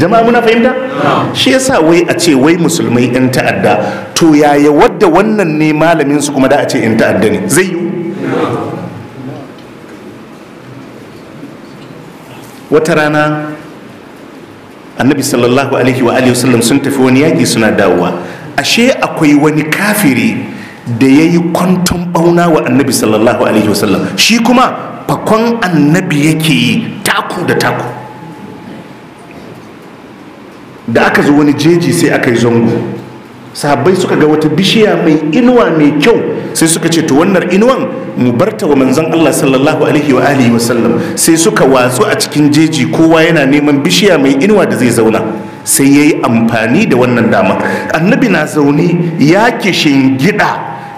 jama'a muna fahimta shi yasa wai a ce wai musulmai yan ta'adda to yaya wadda wannan ne malamin su kuma da a ce in ta'adda ne zai yi wata rana annabi sallallahu alaihi wa alihi wasallam sun tafi wani yaki suna dawowa ashe akwai wani kafiri da ya yi kwanton bauna wa annabi sallallahu alaihi wasallam shi kuma fakon annabi yake yi taku da taku da aka zo wani jeji sai aka yi zango sahabbai suka ga wata bishiya mai inuwa mai kyau sai suka ce to wannan inuwan mu barta wa manzon Allah sallallahu alaihi wa alihi wasallam sai suka watsu a cikin jeji kowa yana neman bishiya mai inuwa da zai zauna sai yayi amfani da wannan dama annabi na zaune ya kishin shingida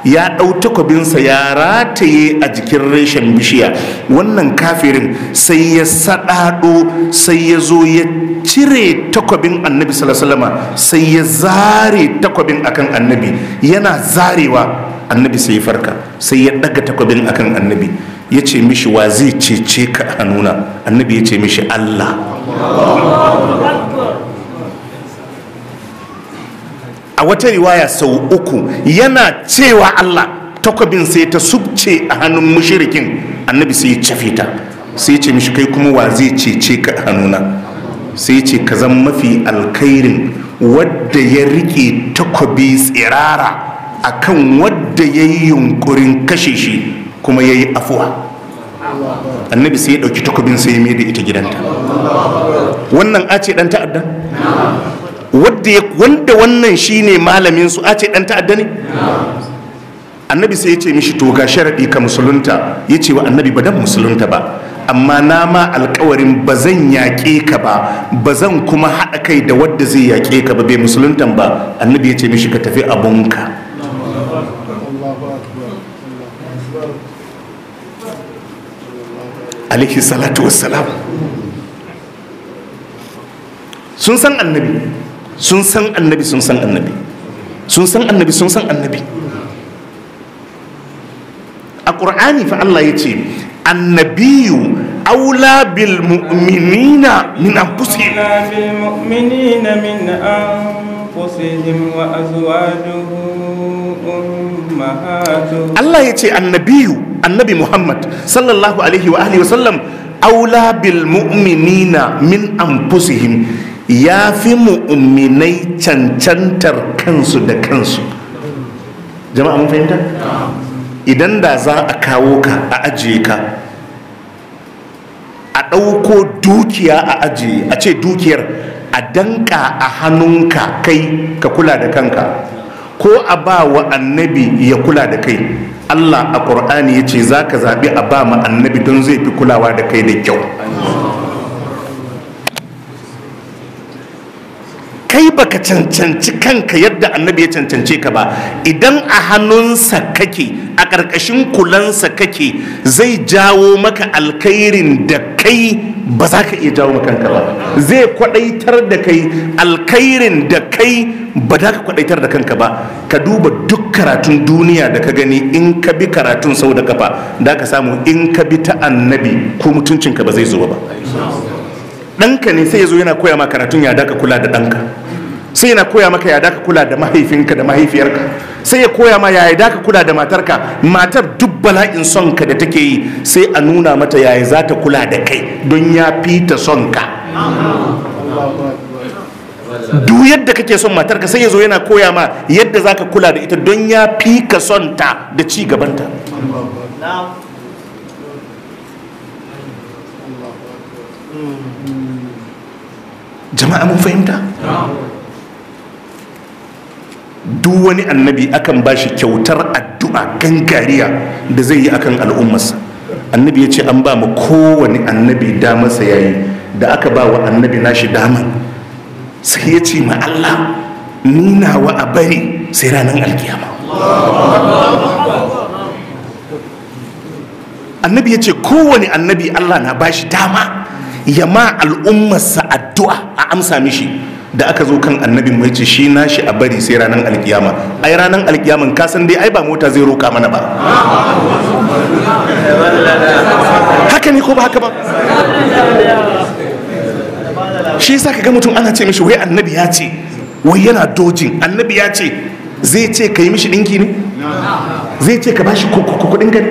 ya ɗau takwabinsa ya rataye a jikin reshen bishiya wannan kafirin sai ya saɗaɗo sai ya zo ya cire takwabin annabi salama sai ya zare takwabin akan annabi yana zarewa annabi sai ya farka sai ya ɗaga takwabin akan annabi ya ce mishi wa zai cece ka a hannuna annabi ya ce mishi allah a wata riwaya sau uku yana cewa Allah takwabin sai ta subce a hannun mushirikin annabi sai ya cafe ta sai ce mishi kai kuma wa zai cece ka hannuna sai ce ka zan mafi alkairin wadda ya rike takwabi tsirara akan wadda ya yi yunkurin kashe shi kuma ya yi afuwa annabi sai ya ɗauki takwabin sai ya mai da ita gidanta wannan a ce dan ta'adda wanda wannan shine malamin su a ce dan ta'adda ne annabi sai ya ce mishi to ga sharadi ka musulunta ya ce wa annabi ba dan musulunta ba amma na ma alkawarin ba zan yaƙe ka ba ba zan kuma haɗa kai da wadda zai yaƙe ka ba bai musuluntan ba annabi ya ce mishi ka tafi abunka alaihi salatu wassalam sun san annabi sun san annabi sun san annabi sun san annabi sun san annabi a ƙur'ani fa Allah ya ce annabiyu aula bil mu'minina min anfusihim bil mu'minina min anfusihim wa azwajuhum Allah ya ce annabiyu annabi Muhammad sallallahu alaihi wa alihi wa sallam aula bil mu'minina min anfusihim ya fi mu'minai cancantar kansu da kansu jama'a mun fahimta idan da za a kawo ka a ajiye ka a ɗauko dukiya a ajiye a ce dukiyar a danka a hannunka kai ka kula da kanka ko a ba wa annabi ya kula da kai Allah a ƙur'ani ya ce za ka zaɓi a ba ma annabi don zai fi kulawa da kai da kyau baka cancanci kanka yadda annabi ya cancance ka ba idan a hannunsa kake a ƙarƙashin kulansa kake zai jawo maka alkairin da kai ba za ka iya jawo kanka ba zai kwaɗaitar da kai alkairin da kai ba za ka kwaɗaitar da kanka ba ka duba duk karatun duniya da ka gani in ka bi karatun sau da kafa da ka samu in ka bi ta annabi ko mutuncinka ba zai zo ba ɗanka ne sai ya zo yana koya ma karatun ya daka kula da ɗanka sai yana koya maka ya daka kula da mahaifinka da mahaifiyarka sai ya koya ma ya daka kula da matarka matar duk bala'in son ka da take yi sai a nuna mata yaya za ta kula da kai don ya fita son ka duk yadda kake son matarka sai ya zo yana koya ma yadda za ka kula da ita don ya fi ka son ta da ci gabanta jama'a mun fahimta duk wani annabi akan ba shi kyautar addu'a gangariya da zai yi akan al'ummarsa annabi ya ce an ba mu kowane annabi damarsa yayi da aka ba wa annabi nashi damar sai ya ce ma Allah ni wa a bari sai ranar alkiyama annabi ya ce kowane annabi Allah na bashi dama ya ma al'ummarsa addu'a a amsa mishi da aka zo kan annabin mai ce shi nashi a bari sai ranar alkiyama ai ranar alkiyaman ka san dai ai ba mota zai roka mana ba haka ne ko ba haka ba shi sa ka ga mutum ana ce mishi wai annabi ya ce wai yana dojin annabi ya ce zai ce ka yi mishi dinki ne zai ce ka bashi kudin gani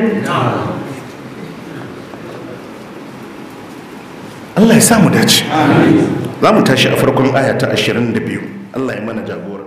Allah ya samu dace za mu tashi a farkon aya ta 22 Allah ya mana jagora